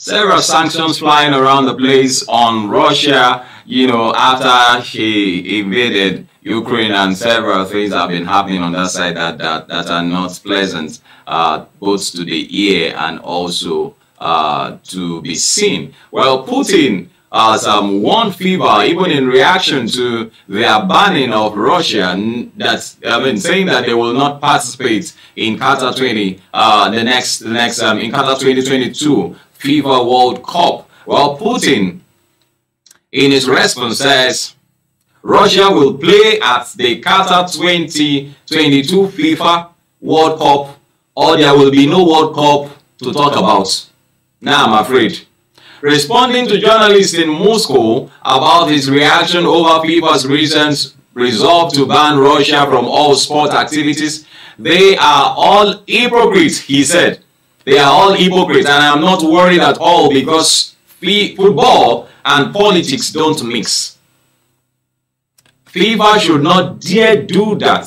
several sanctions flying around the place on Russia, you know, after she invaded Ukraine and several things have been happening on that side that, that, that are not pleasant, uh, both to the ear and also uh, to be seen. Well, Putin has um, one fever, even in reaction to their banning of Russia, that's, I mean, saying that they will not participate in Qatar 20, uh, the next, the next, um, in Qatar 2022, FIFA World Cup. Well, Putin, in his response, says Russia will play at the Qatar 2022 FIFA World Cup, or there will be no World Cup to talk about. Now, I'm afraid. Responding to journalists in Moscow about his reaction over FIFA's recent resolve to ban Russia from all sport activities, they are all hypocrites, he said. They are all hypocrites, and I'm not worried at all because football and politics don't mix. FIFA should not dare do that.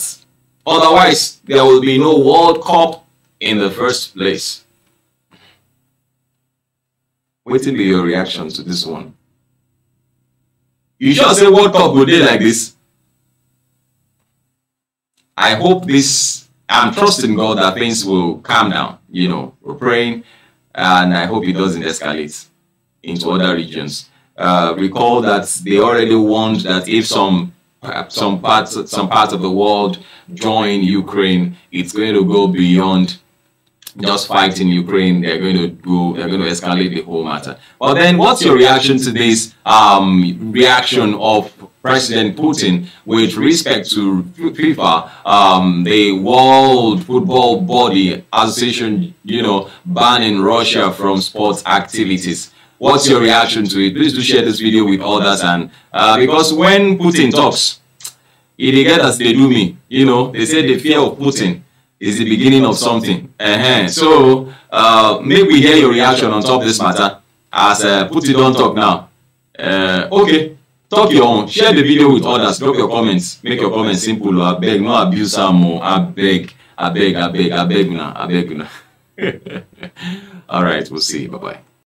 Otherwise, there will be no World Cup in the first place. What will be your reaction to this one? You sure say World Cup will be like this? I hope this I'm trusting God that things will calm down. You know, we're praying, and I hope it doesn't escalate into other regions. Uh, recall that they already warned that if some some parts some parts of the world join Ukraine, it's going to go beyond just fight in Ukraine. They're going to do. They're going to escalate the whole matter. But then, what's your reaction to this um, um reaction of President Putin with respect to FIFA, um, um, the World Football Body Association, you know, banning Russia from sports activities? What's your reaction to it? Please do share this video with others, and uh, because when Putin talks, it get as they do me. You know, they say the fear of Putin is the beginning of something. Uh-huh. So uh, maybe we hear your reaction on top of this matter. As uh, put it on talk now. Uh, okay, talk your own. Share the video with others. Drop your comments. Make your comments simple. I beg, no abuse I beg, I beg, I beg, I beg now. I beg now. All right, we'll see. Bye bye.